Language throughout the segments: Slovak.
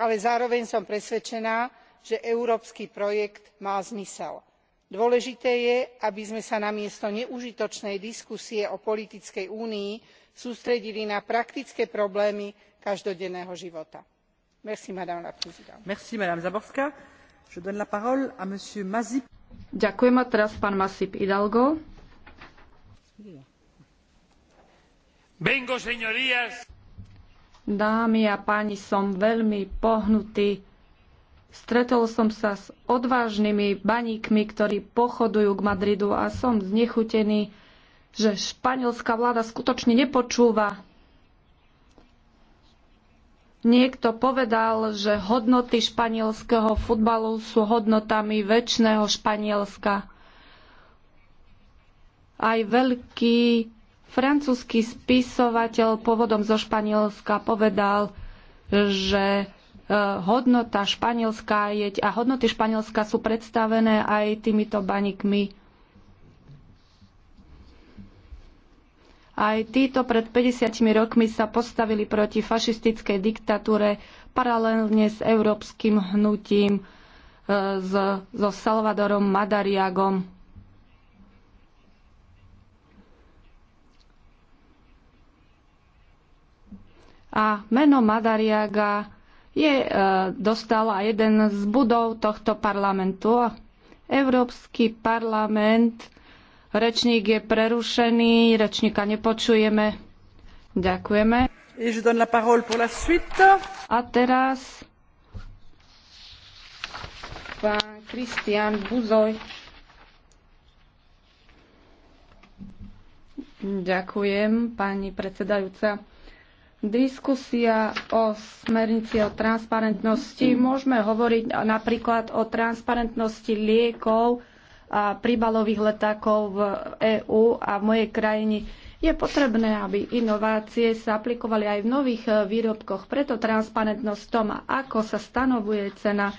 ale zároveň som presvedčená že európsky projekt má zmysel. dôležité je aby sme sa namiesto neužitočnej diskusie o politickej únii sústredili na praktické problémy každodenného života. Ďakujem a teraz pán Masip Hidalgo. Dámy a páni, som veľmi pohnutý. Stretol som sa s odvážnymi baníkmi, ktorí pochodujú k Madridu a som znechutený, že španielská vláda skutočne nepočúva. Niekto povedal, že hodnoty španielského futbalu sú hodnotami väčšného Španielska. Aj veľký Francúzsky spisovateľ pôvodom zo Španielska povedal, že e, hodnota Španielska je, a hodnoty Španielska sú predstavené aj týmito baníkmi. Aj títo pred 50 rokmi sa postavili proti fašistickej diktatúre paralelne s európskym hnutím, e, so Salvadorom Madariagom. a meno Madariaga je, e, dostala jeden z budov tohto parlamentu. Európsky parlament, rečník je prerušený, rečníka nepočujeme. Ďakujeme. A teraz pán Kristian Buzoj. Ďakujem, pani predsedajúca. Diskusia o smernici o transparentnosti. Môžeme hovoriť napríklad o transparentnosti liekov a príbalových letákov v EÚ a v mojej krajine. Je potrebné, aby inovácie sa aplikovali aj v nových výrobkoch, preto transparentnosť v tom, ako sa stanovuje cena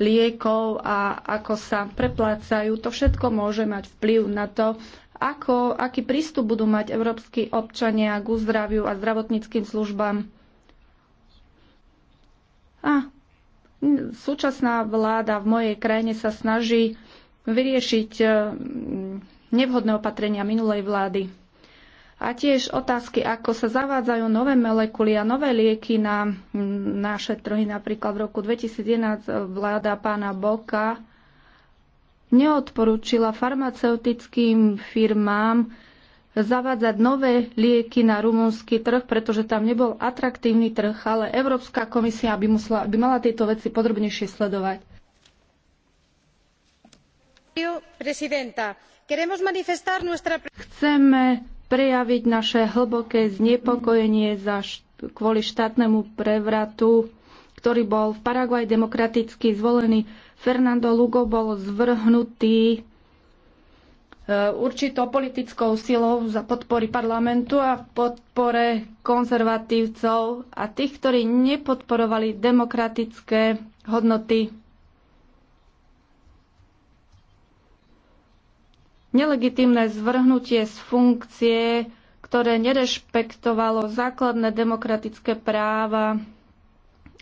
liekov a ako sa preplácajú, to všetko môže mať vplyv na to, ako, aký prístup budú mať európsky občania k zdraviu a zdravotníckým službám. A súčasná vláda v mojej krajine sa snaží vyriešiť e, nevhodné opatrenia minulej vlády. A tiež otázky, ako sa zavádzajú nové molekuly a nové lieky na naše trhy. Napríklad v roku 2011 vláda pána Boka neodporúčila farmaceutickým firmám zavádzať nové lieky na rumúnsky trh, pretože tam nebol atraktívny trh, ale Európska komisia by, musela, by mala tieto veci podrobnejšie sledovať. Chceme prejaviť naše hlboké znepokojenie za št- kvôli štátnemu prevratu, ktorý bol v Paraguaj demokraticky zvolený Fernando Lugo bol zvrhnutý e, určitou politickou silou za podpory parlamentu a v podpore konzervatívcov a tých, ktorí nepodporovali demokratické hodnoty. Nelegitímne zvrhnutie z funkcie, ktoré nerešpektovalo základné demokratické práva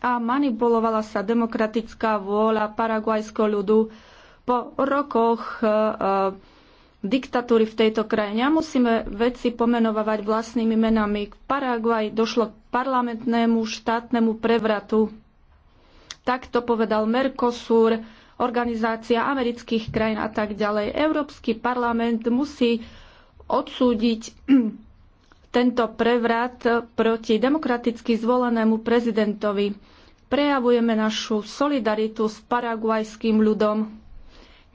a manipulovala sa demokratická vôľa paraguajského ľudu po rokoch e, e, diktatúry v tejto krajine. A musíme veci pomenovať vlastnými menami. K Paraguaj došlo k parlamentnému štátnemu prevratu. Tak to povedal Mercosur, organizácia amerických krajín a tak ďalej. Európsky parlament musí odsúdiť tento prevrat proti demokraticky zvolenému prezidentovi. Prejavujeme našu solidaritu s paraguajským ľudom.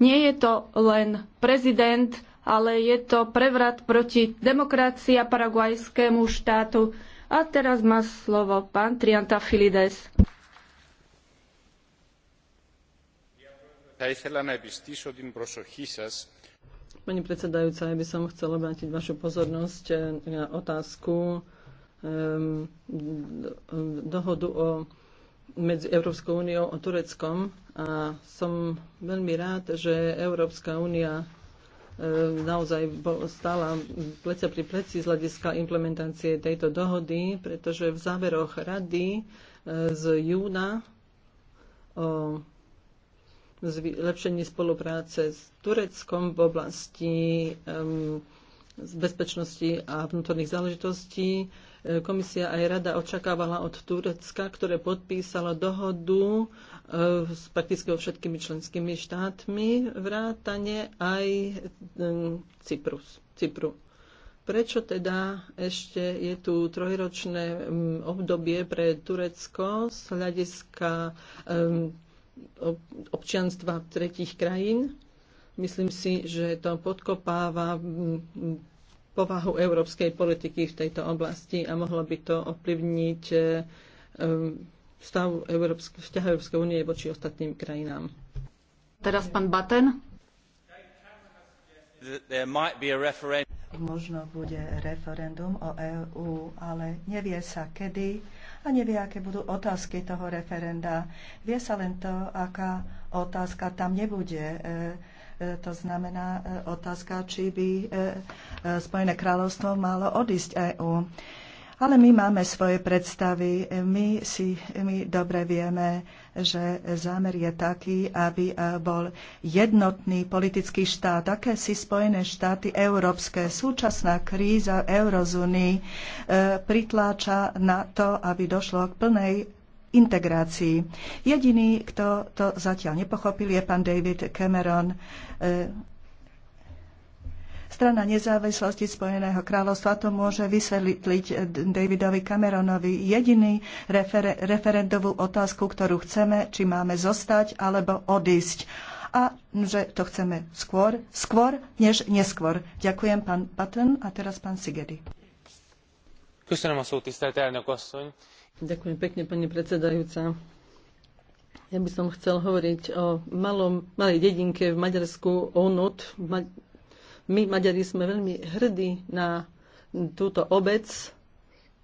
Nie je to len prezident, ale je to prevrat proti demokracii a paraguajskému štátu. A teraz má slovo pán Trianta Filides. Θα ήθελα να επιστήσω την προσοχή σας Pani predsedajúca, ja by som chcela obrátiť vašu pozornosť eh, na otázku um, dohodu o, medzi Európskou úniou a Tureckom a som veľmi rád, že Európska únia eh, naozaj stála pleca pri pleci z hľadiska implementácie tejto dohody, pretože v záveroch rady eh, z júna o zlepšení spolupráce s Tureckom v oblasti um, z bezpečnosti a vnútorných záležitostí. E, komisia aj rada očakávala od Turecka, ktoré podpísalo dohodu e, s prakticky všetkými členskými štátmi, vrátane aj Cyprus, Cypru. Prečo teda ešte je tu trojročné obdobie pre Turecko z hľadiska občianstva tretich krajín. Myslím si, že to podkopáva mm, povahu európskej politiky v tejto oblasti a mohlo by to ovplyvniť eh, eh, vzťah Európskej únie voči ostatným krajinám. Teraz pán Baten. Možno bude referendum o EÚ, ale nevie sa kedy a nevie, aké budú otázky toho referenda. Vie sa len to, aká otázka tam nebude. E, e, to znamená e, otázka, či by Spojené kráľovstvo malo odísť EÚ. Ale my máme svoje predstavy, my si my dobre vieme, že zámer je taký, aby eh, bol jednotný politický štát. Aké si Spojené štáty európske? Súčasná kríza eurozóny eh, pritláča na to, aby došlo k plnej integrácii. Jediný, kto to zatiaľ nepochopil, je pán David Cameron eh, Strana nezávislosti Spojeného kráľovstva to môže vysvetliť Davidovi Cameronovi jediný refer- referendovú otázku, ktorú chceme, či máme zostať alebo odísť a že to chceme skôr, skôr než neskôr. Ďakujem pán Patten a teraz pán Sigedy. Ďakujem pekne, pani predsedajúca. Ja by som chcel hovoriť o malom, malej dedinke v Maďarsku, Onot, my, Maďari, sme veľmi hrdí na túto obec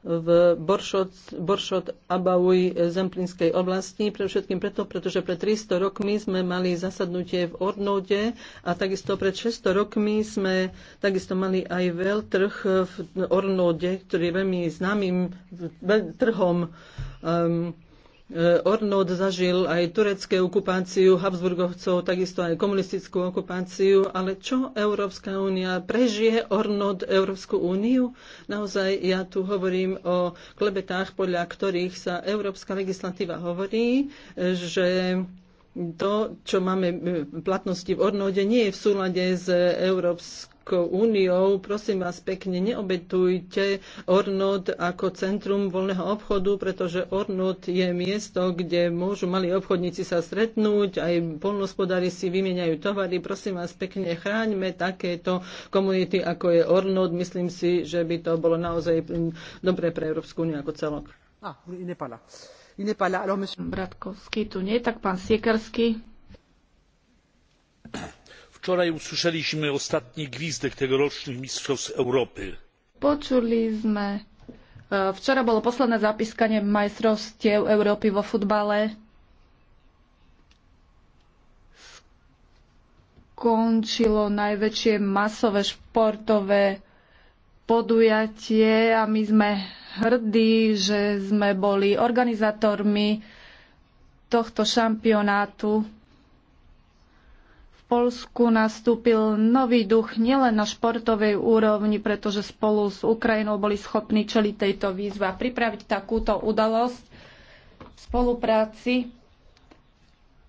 v Boršot, Boršot Abauj Zemplínskej oblasti. Pre všetkým preto, pretože pred 300 rokmi sme mali zasadnutie v Ornode a takisto pred 600 rokmi sme takisto mali aj veľtrh v Ornode, ktorý je veľmi známym trhom um, Eh, Ornod zažil aj turecké okupáciu Habsburgovcov, takisto aj komunistickú okupáciu, ale čo Európska únia prežije Ornod Európsku úniu? Naozaj ja tu hovorím o klebetách, podľa ktorých sa európska legislatíva hovorí, eh, že to, čo máme v eh, platnosti v Ornode, nie je v súlade s európskou Európskou úniou, prosím vás pekne, neobetujte Ornod ako centrum voľného obchodu, pretože Ornod je miesto, kde môžu mali obchodníci sa stretnúť, aj polnospodári si vymieňajú tovary. Prosím vás pekne, chráňme takéto komunity, ako je Ornod. Myslím si, že by to bolo naozaj dobre pre Európsku úniu ako celok. Ah, Bratkovský tu nie, tak pán Siekarský. Wczoraj usłyszeliśmy ostatni gwizdek tegorocznych Mistrzostw Europy. Počuli sme. Včera bolo posledné zapískanie majstrovstiev Európy vo futbale. Končilo najväčšie masowe sportowe podujatie a my sme hrdí, že sme boli organizátormi tohto šampionátu. Polsku nastúpil nový duch nielen na športovej úrovni, pretože spolu s Ukrajinou boli schopní čeliť tejto výzve a pripraviť takúto udalosť v spolupráci.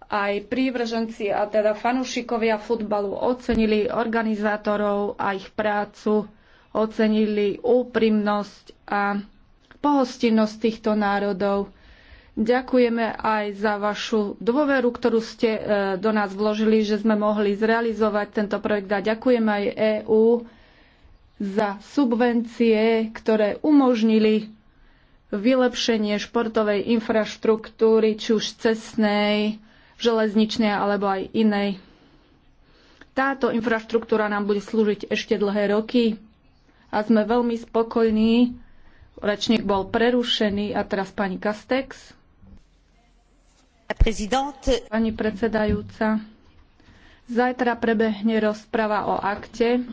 Aj prívrženci a teda fanúšikovia futbalu ocenili organizátorov a ich prácu, ocenili úprimnosť a pohostinnosť týchto národov Ďakujeme aj za vašu dôveru, ktorú ste e, do nás vložili, že sme mohli zrealizovať tento projekt a ďakujem aj EÚ za subvencie, ktoré umožnili vylepšenie športovej infraštruktúry, či už cestnej, železničnej alebo aj inej. Táto infraštruktúra nám bude slúžiť ešte dlhé roky a sme veľmi spokojní. Rečník bol prerušený a teraz pani Kastex. Pani predsedajúca, zajtra prebehne rozprava o akte,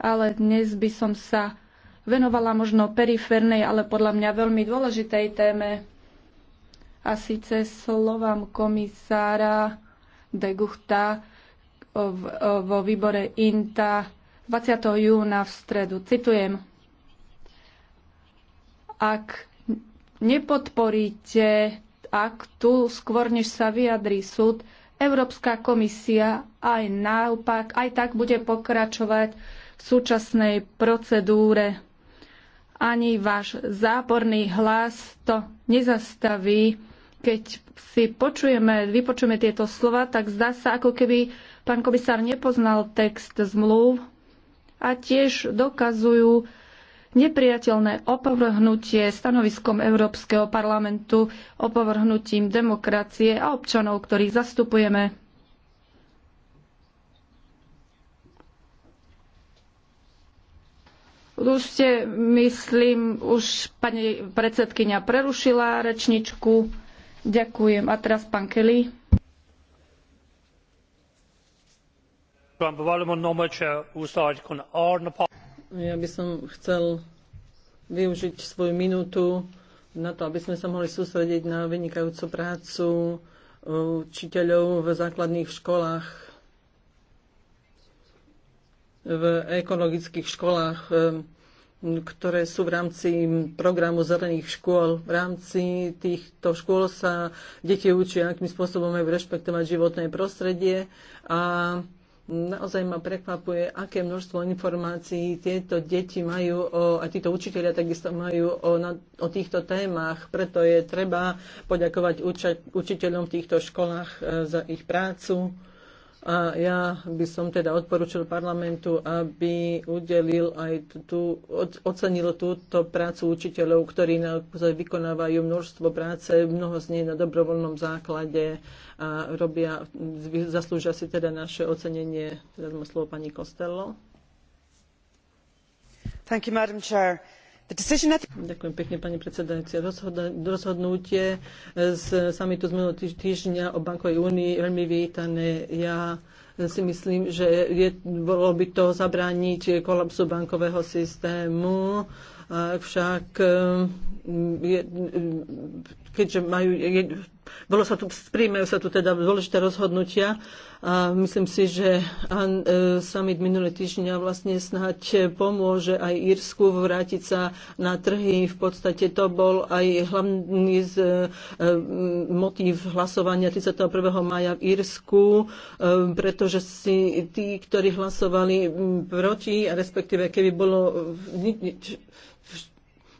ale dnes by som sa venovala možno periférnej, ale podľa mňa veľmi dôležitej téme, a síce slovám komisára de Guchta vo výbore INTA 20. júna v stredu. Citujem. Ak nepodporíte tu, skôr než sa vyjadrí súd, Európska komisia aj naopak, aj tak bude pokračovať v súčasnej procedúre. Ani váš záporný hlas to nezastaví. Keď si počujeme, vypočujeme tieto slova, tak zdá sa, ako keby pán komisár nepoznal text zmluv a tiež dokazujú, nepriateľné opovrhnutie stanoviskom Európskeho parlamentu, opovrhnutím demokracie a občanov, ktorých zastupujeme. Už ste, myslím, už pani predsedkynia prerušila rečničku. Ďakujem. A teraz pán Kelly. Ja by som chcel využiť svoju minútu na to, aby sme sa mohli sústrediť na vynikajúcu prácu eh, učiteľov v základných školách, v ekologických školách, eh, ktoré sú v rámci programu zelených škôl. V rámci týchto škôl sa deti učia, akým spôsobom majú rešpektovať životné prostredie a Naozaj ma prekvapuje, aké množstvo informácií tieto deti majú o, a títo učiteľia takisto majú o, na, o týchto témach. Preto je treba poďakovať uča, učiteľom v týchto školách e, za ich prácu. A ja by som teda odporučil parlamentu, aby udelil aj tú, ocenil túto prácu učiteľov, ktorí naozaj vykonávajú množstvo práce, mnoho z nich na dobrovoľnom základe a robia, zaslúžia si teda naše ocenenie. Teraz má slovo pani Costello. Thank you, Madam Chair Ďakujem pekne, pani predsedajúcia. Rozhodnutie z samitu z minulého týždňa o bankovej únii veľmi vítané. Ja si myslím, že je, bolo by to zabrániť kolapsu bankového systému, však mm, je, keďže majú, bolo sa tu, príjmajú sa tu teda dôležité rozhodnutia a myslím si, že an, e, summit minulé týždňa vlastne snáď pomôže aj Írsku vrátiť sa na trhy. V podstate to bol aj hlavný z, e, e motív hlasovania 31. maja v Írsku, e, pretože si tí, ktorí hlasovali proti, respektíve keby bolo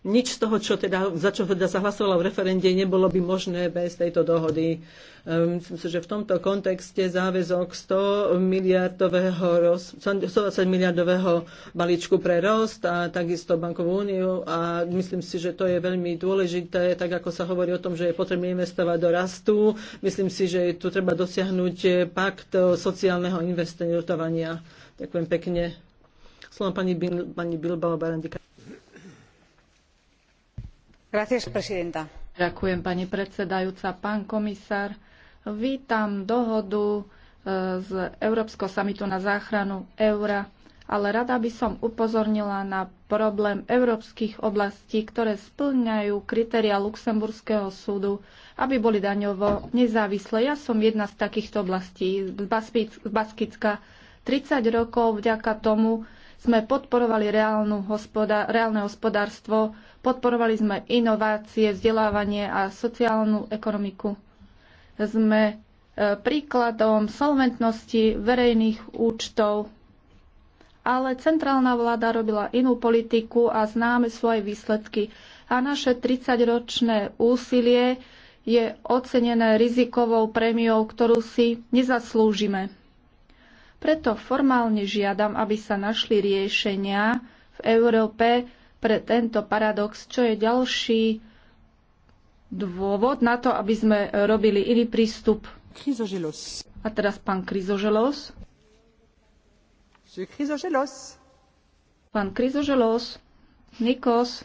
nič z toho, čo teda, za čo teda sa hlasovalo v referende, nebolo by možné bez tejto dohody. Ehm, myslím si, že v tomto kontexte záväzok 100 miliardového, 120 miliardového balíčku pre rost a takisto bankovú úniu a myslím si, že to je veľmi dôležité, tak ako sa hovorí o tom, že je potrebné investovať do rastu. Myslím si, že tu treba dosiahnuť pakt sociálneho investovania. Ďakujem pekne. Slovo pani, Bil, pani Bilbao Barandika. Ďakujem, pani predsedajúca. Pán komisár, vítam dohodu e, z Európskeho samitu na záchranu eura, ale rada by som upozornila na problém európskych oblastí, ktoré spĺňajú kritéria Luxemburského súdu, aby boli daňovo nezávislé. Ja som jedna z takýchto oblastí, z Baskicka. 30 rokov vďaka tomu sme podporovali reálnu hospoda- reálne hospodárstvo Podporovali sme inovácie, vzdelávanie a sociálnu ekonomiku. Sme e, príkladom solventnosti verejných účtov. Ale centrálna vláda robila inú politiku a známe svoje výsledky. A naše 30-ročné úsilie je ocenené rizikovou prémiou, ktorú si nezaslúžime. Preto formálne žiadam, aby sa našli riešenia v Európe, pre tento paradox, čo je ďalší dôvod na to, aby sme robili iný prístup. Chrysogelos. A teraz pán Chrysogelos. Chrysogelos. Pán Chrysogelos. Nikos.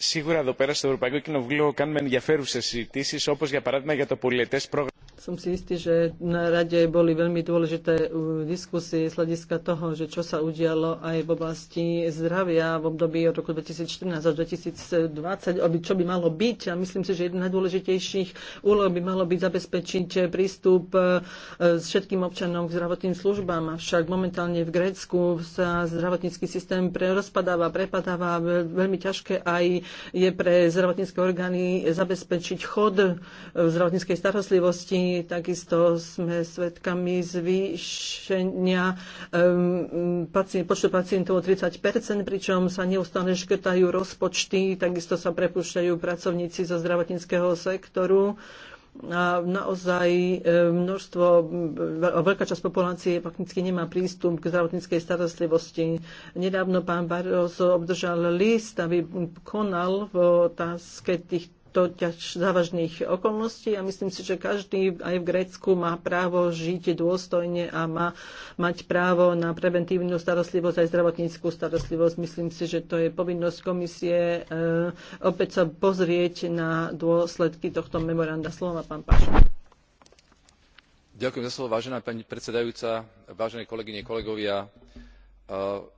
Σίγουρα εδώ πέρα στο Ευρωπαϊκό Κοινοβούλιο κάνουμε ενδιαφέρουσε συζητήσει, όπω για παράδειγμα για το πολιετέ πρόγραμμα som si istý, že na rade boli veľmi dôležité uh, diskusie z hľadiska toho, že čo sa udialo aj v oblasti zdravia v období od roku 2014 až 2020, čo by malo byť. A myslím si, že jedna z najdôležitejších úloh by malo byť zabezpečiť prístup uh, s všetkým občanom k zdravotným službám. Avšak momentálne v Grécku sa zdravotnícky systém rozpadáva, prepadáva. Veľmi ťažké aj je pre zdravotnícke orgány zabezpečiť chod uh, zdravotníckej starostlivosti Takisto sme svedkami zvýšenia um, počtu pacientov o 30 pričom sa neustále škrtajú rozpočty, takisto sa prepúšťajú pracovníci zo zdravotníckého sektoru a naozaj um, množstvo, um, veľká časť populácie fakticky nemá prístup k zdravotníckej starostlivosti. Nedávno pán Barroso obdržal list, aby konal v otázke tých to závažných okolností a myslím si, že každý aj v Grécku má právo žiť dôstojne a má mať právo na preventívnu starostlivosť aj zdravotníckú starostlivosť. Myslím si, že to je povinnosť komisie e, opäť sa pozrieť na dôsledky tohto memoranda. má pán Pašu. Ďakujem za slovo, vážená pani predsedajúca, vážené kolegyne, kolegovia. E,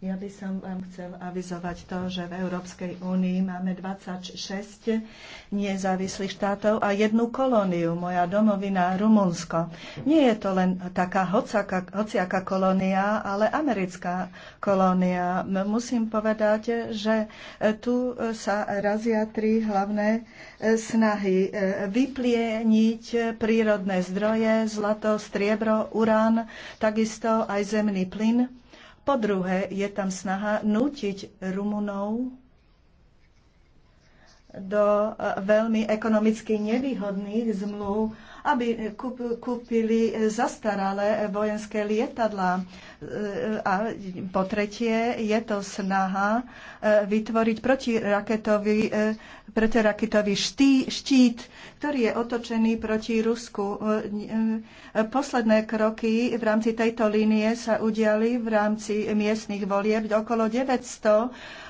Ja by som vám chcel avizovať to, že v Európskej únii máme 26 nezávislých štátov a jednu kolóniu, moja domovina Rumunsko. Nie je to len taká hociaka hociaká kolónia, ale americká kolónia. Musím povedať, že tu sa razia tri hlavné snahy. Vyplieniť prírodné zdroje, zlato, striebro, urán, takisto aj zemný plyn po druhé, je tam snaha nútiť Rumunov do eh, veľmi ekonomicky nevýhodných zmluv aby kúpili zastaralé vojenské lietadlá. A po tretie je to snaha e, vytvoriť e, protiraketový, protiraketový štý, štít, ktorý je otočený proti Rusku. E, posledné kroky v rámci tejto línie sa udiali v rámci miestnych volieb okolo 900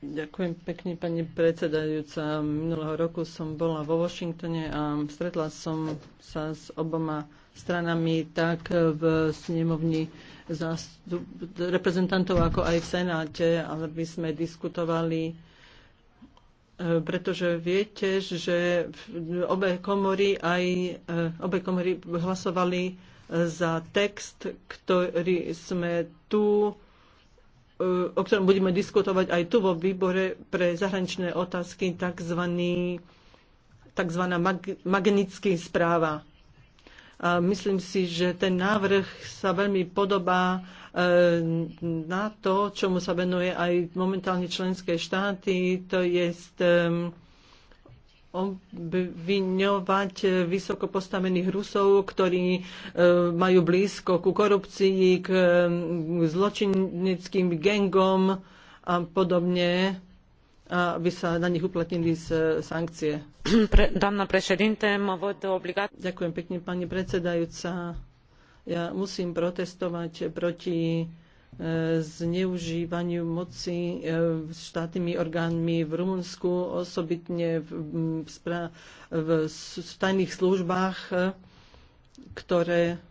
Ďakujem pekne, pani predsedajúca. Minulého roku som bola vo Washingtone a stretla som sa s oboma stranami tak v snemovni reprezentantov ako aj v Senáte, aby sme diskutovali pretože viete, že obe komory, aj, obe komory hlasovali za text, ktorý sme tu e, o ktorom budeme diskutovať aj tu vo výbore pre zahraničné otázky, takzvaný, takzvaná mag, magnická správa. A myslím si, že ten návrh sa veľmi podobá e, na to, čomu sa venuje aj momentálne členské štáty, to je obviňovať eh, vysoko postavených Rusov, ktorí eh, majú blízko ku korupcii, k mm, zločineckým gengom a podobne, aby sa na nich uplatnili sankcie. Pre, dámna prešedinte, Ďakujem pekne, pani predsedajúca. Ja musím protestovať proti E, zneužívaniu moci e, štátnymi orgánmi v Rumunsku, osobitne v, v tajných službách, e, ktoré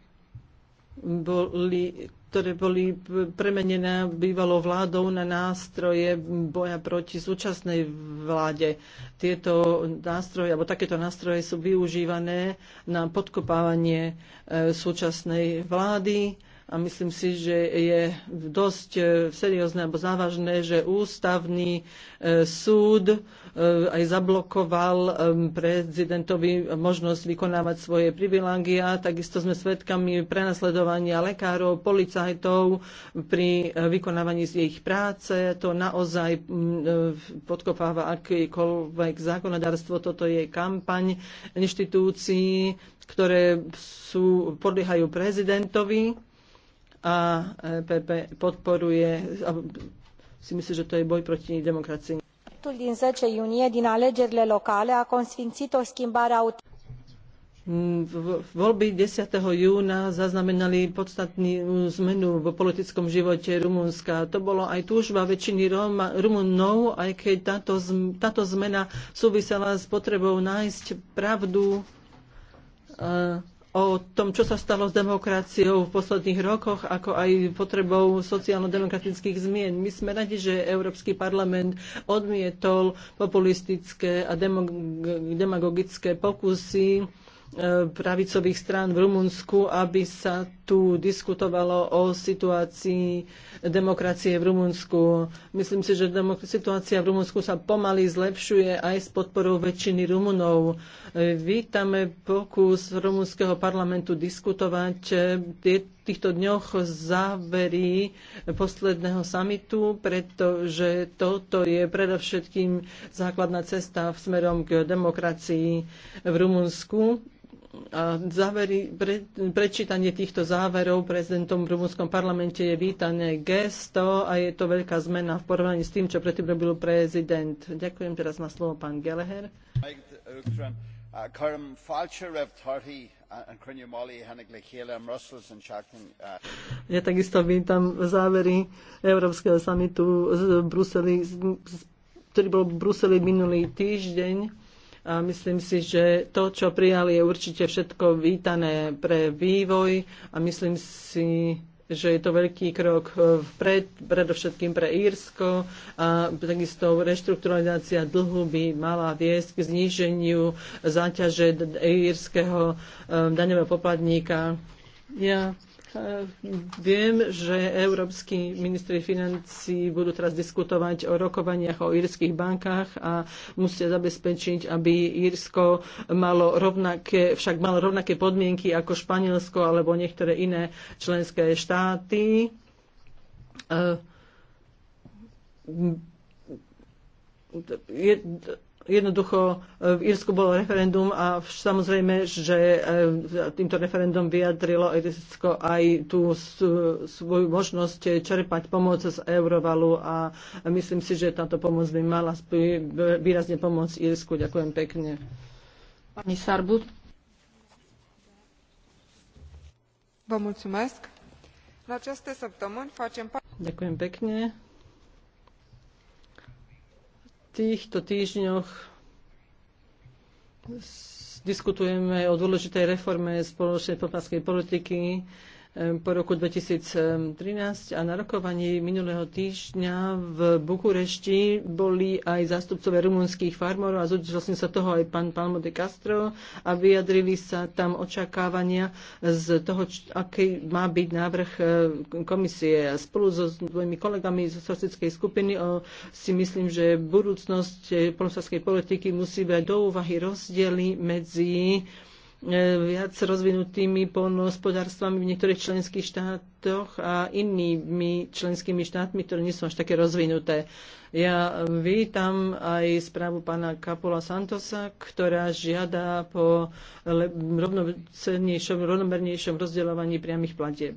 boli, ktoré boli premenené bývalou vládou na nástroje boja proti súčasnej vláde. Tieto nástroje, alebo takéto nástroje sú využívané na podkopávanie súčasnej vlády a myslím si, že je dosť e, seriózne alebo závažné, že ústavný e, súd e, aj zablokoval prezidentovi možnosť vykonávať svoje privilegia. Takisto sme svedkami prenasledovania lekárov, policajtov pri vykonávaní z ich práce. To naozaj podkopáva akékoľvek zákonodárstvo. Toto je kampaň inštitúcií, ktoré sú, podliehajú prezidentovi a e, PP podporuje, si myslí, že to je boj proti demokracii. Votul din 10 iunie din alegerile locale a consfințit o schimbare a mm, Voľby 10. júna zaznamenali podstatnú zmenu v politickom živote Rumunska. To bolo aj túžba väčšiny Rumunov, aj keď táto, táto zmena súvisela s potrebou nájsť pravdu. Uh, o tom, čo sa stalo s demokraciou v posledných rokoch, ako aj potrebou sociálno-demokratických zmien. My sme radi, že Európsky parlament odmietol populistické a demagogické pokusy E, pravicových strán v Rumunsku, aby sa tu diskutovalo o situácii demokracie v Rumunsku. Myslím si, že situácia v Rumunsku sa pomaly zlepšuje aj s podporou väčšiny Rumunov. E, vítame pokus rumunského parlamentu diskutovať v e, týchto dňoch závery posledného samitu, pretože toto je predovšetkým základná cesta v smerom k demokracii v Rumunsku a závery, pre, prečítanie týchto záverov prezidentom v rumúnskom parlamente je vítané gesto a je to veľká zmena v porovnaní s tým, čo predtým robil prezident. Ďakujem, teraz má slovo pán Geleher. Ja takisto vítam závery Európskeho samitu v Bruseli, ktorý bol v Bruseli minulý týždeň a myslím si, že to, čo prijali, je určite všetko vítané pre vývoj a myslím si, že je to veľký krok vpred, predovšetkým pre Írsko a takisto reštrukturalizácia dlhu by mala viesť k zníženiu záťaže írskeho um, daňového poplatníka. Ja Eh, viem, že európsky ministri financí budú teraz diskutovať o rokovaniach o írskych bankách a musia zabezpečiť, aby Írsko malo rovnaké, však malo rovnaké podmienky ako Španielsko alebo niektoré iné členské štáty. Eh, je, jednoducho e, v Írsku bolo referendum a samozrejme, že e, týmto referendum vyjadrilo Írsko aj tú svoju možnosť čerpať pomoc z Eurovalu a myslím si, že táto pomoc by mala výrazne pomôcť Írsku. Ďakujem pekne. Pani Sarbu. Vă mulțumesc. aceste săptămâni facem Ďakujem pekne týchto týždňoch diskutujeme o dôležitej reforme spoločnej popátskej politiky po roku 2013 a na rokovaní minulého týždňa v Bukurešti boli aj zástupcové rumunských farmorov a zúčastnil sa toho aj pán Palmo de Castro a vyjadrili sa tam očakávania z toho, aký má byť návrh eh, komisie. A spolu so svojimi kolegami z sociálnej skupiny o, si myslím, že budúcnosť eh, polnospodárskej politiky musí brať do úvahy rozdiely medzi E, viac rozvinutými polnohospodárstvami v niektorých členských štátoch a inými členskými štátmi, ktoré nie sú až také rozvinuté. Ja vítam aj správu pána Kapola Santosa, ktorá žiada po rovnocennejšom, rovnomernejšom rozdeľovaní priamých platieb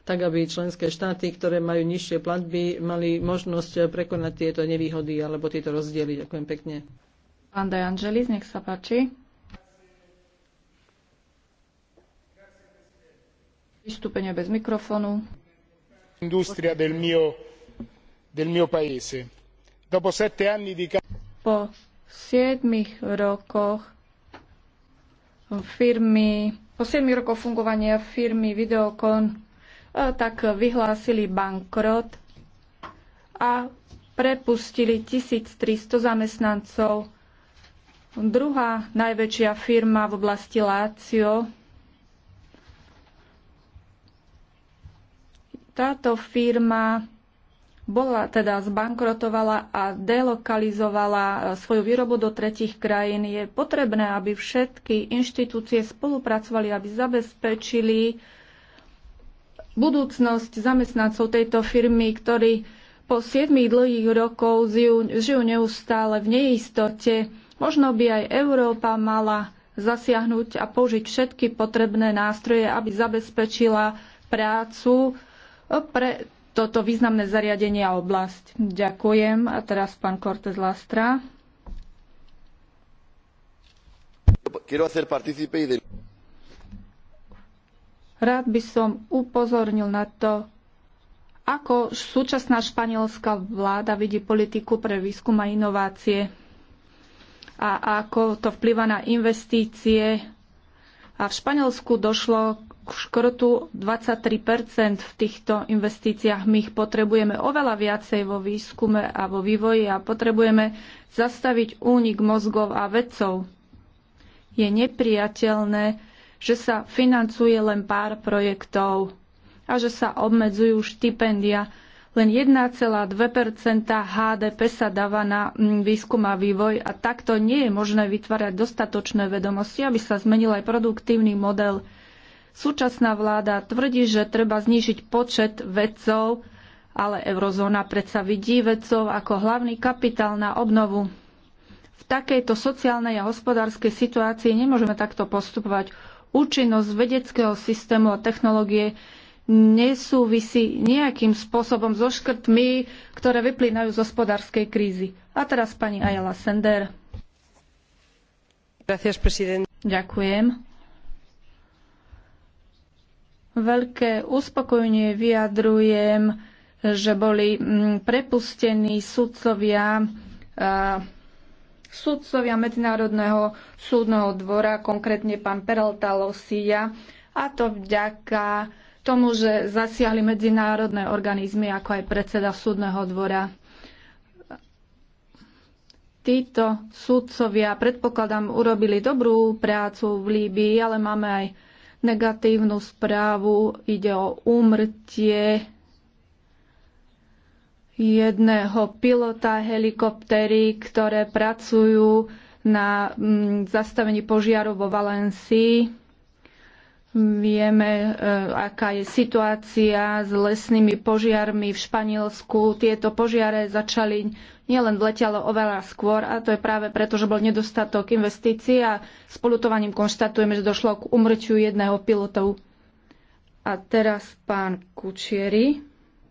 tak aby členské štáty, ktoré majú nižšie platby, mali možnosť prekonať tieto nevýhody alebo tieto rozdiely. Ďakujem pekne. Pán De Angelis, nech sa páči. Vystúpenie bez mikrofónu. Industria del mio, del mio paese. Dopo sette anni di... Po siedmich rokoch firmy, po 7 rokoch fungovania firmy Videokon e, tak vyhlásili bankrot a prepustili 1300 zamestnancov. Druhá najväčšia firma v oblasti Lácio Táto firma bola, teda zbankrotovala a delokalizovala e, svoju výrobu do tretich krajín. Je potrebné, aby všetky inštitúcie spolupracovali, aby zabezpečili budúcnosť zamestnancov tejto firmy, ktorí po 7 dlhých rokov žijú, žijú neustále v neistote. Možno by aj Európa mala zasiahnuť a použiť všetky potrebné nástroje, aby zabezpečila prácu pre toto významné zariadenie a oblasť. Ďakujem. A teraz pán Cortez Lastra. Rád by som upozornil na to, ako súčasná španielská vláda vidí politiku pre výskum a inovácie a ako to vplýva na investície. A v Španielsku došlo k škrtu 23 v týchto investíciách. My ich potrebujeme oveľa viacej vo výskume a vo vývoji a potrebujeme zastaviť únik mozgov a vedcov. Je nepriateľné, že sa financuje len pár projektov a že sa obmedzujú štipendia. Len 1,2 HDP sa dáva na mm, výskum a vývoj a takto nie je možné vytvárať dostatočné vedomosti, aby sa zmenil aj produktívny model Súčasná vláda tvrdí, že treba znižiť počet vedcov, ale eurozóna predsa vidí vedcov ako hlavný kapitál na obnovu. V takejto sociálnej a hospodárskej situácii nemôžeme takto postupovať. Účinnosť vedeckého systému a technológie nesúvisí nejakým spôsobom so škrtmi, ktoré vyplynajú z hospodárskej krízy. A teraz pani Ayala Sender. Gracias, Ďakujem veľké uspokojenie vyjadrujem, že boli mm, prepustení sudcovia, sudcovia Medzinárodného súdneho dvora, konkrétne pán Peralta Losia, a to vďaka tomu, že zasiahli medzinárodné organizmy, ako aj predseda súdneho dvora. Títo súdcovia, predpokladám, urobili dobrú prácu v Líbii, ale máme aj negatívnu správu. Ide o úmrtie jedného pilota helikoptery, ktoré pracujú na mm, zastavení požiaru vo Valencii. Vieme, e, aká je situácia s lesnými požiarmi v Španielsku. Tieto požiare začali nielen vletelo oveľa skôr a to je práve preto, že bol nedostatok investícií a s polutovaním konštatujeme, že došlo k umrťu jedného pilotov. A teraz pán Kučieri.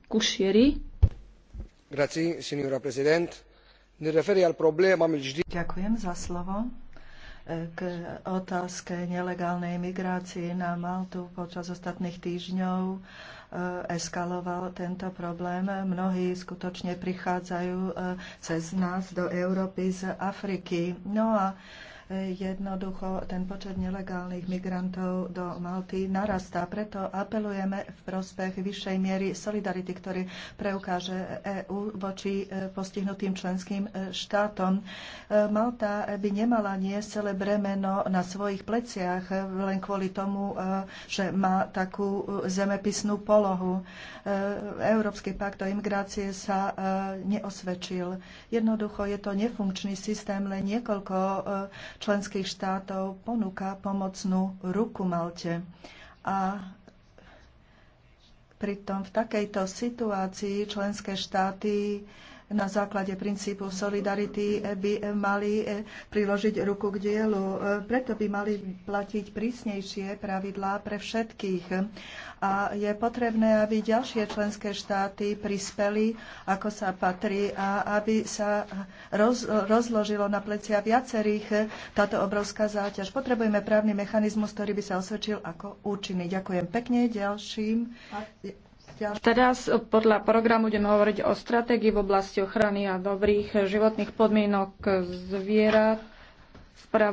Kušieri. Grazie, signora president. Ďakujem za slovo k otázke nelegálnej migrácie na Maltu počas ostatných týždňov e, eskaloval tento problém. Mnohí skutočne prichádzajú e, cez nás do Európy z Afriky. No a Jednoducho ten počet nelegálnych migrantov do Malty narastá. Preto apelujeme v prospech vyššej miery solidarity, ktorý preukáže EÚ voči e, postihnutým členským e, štátom. E, Malta by nemala niesť celé bremeno na svojich pleciach len kvôli tomu, že má takú zemepisnú polohu. Európsky pakt o imigrácie sa neosvedčil. Jednoducho je to nefunkčný systém, len niekoľko členských štátov ponúka pomocnú ruku Malte. A pritom v takejto situácii členské štáty na základe princípu solidarity by mali e, priložiť ruku k dielu. E, preto by mali platiť prísnejšie pravidlá pre všetkých. A je potrebné, aby ďalšie členské štáty prispeli, ako sa patrí, a aby sa roz, rozložilo na plecia viacerých e, táto obrovská záťaž. Potrebujeme právny mechanizmus, ktorý by sa osvedčil ako účinný. Ďakujem pekne ďalším. Teraz podľa programu budeme hovoriť o stratégii v oblasti ochrany a dobrých životných podmienok zvierat.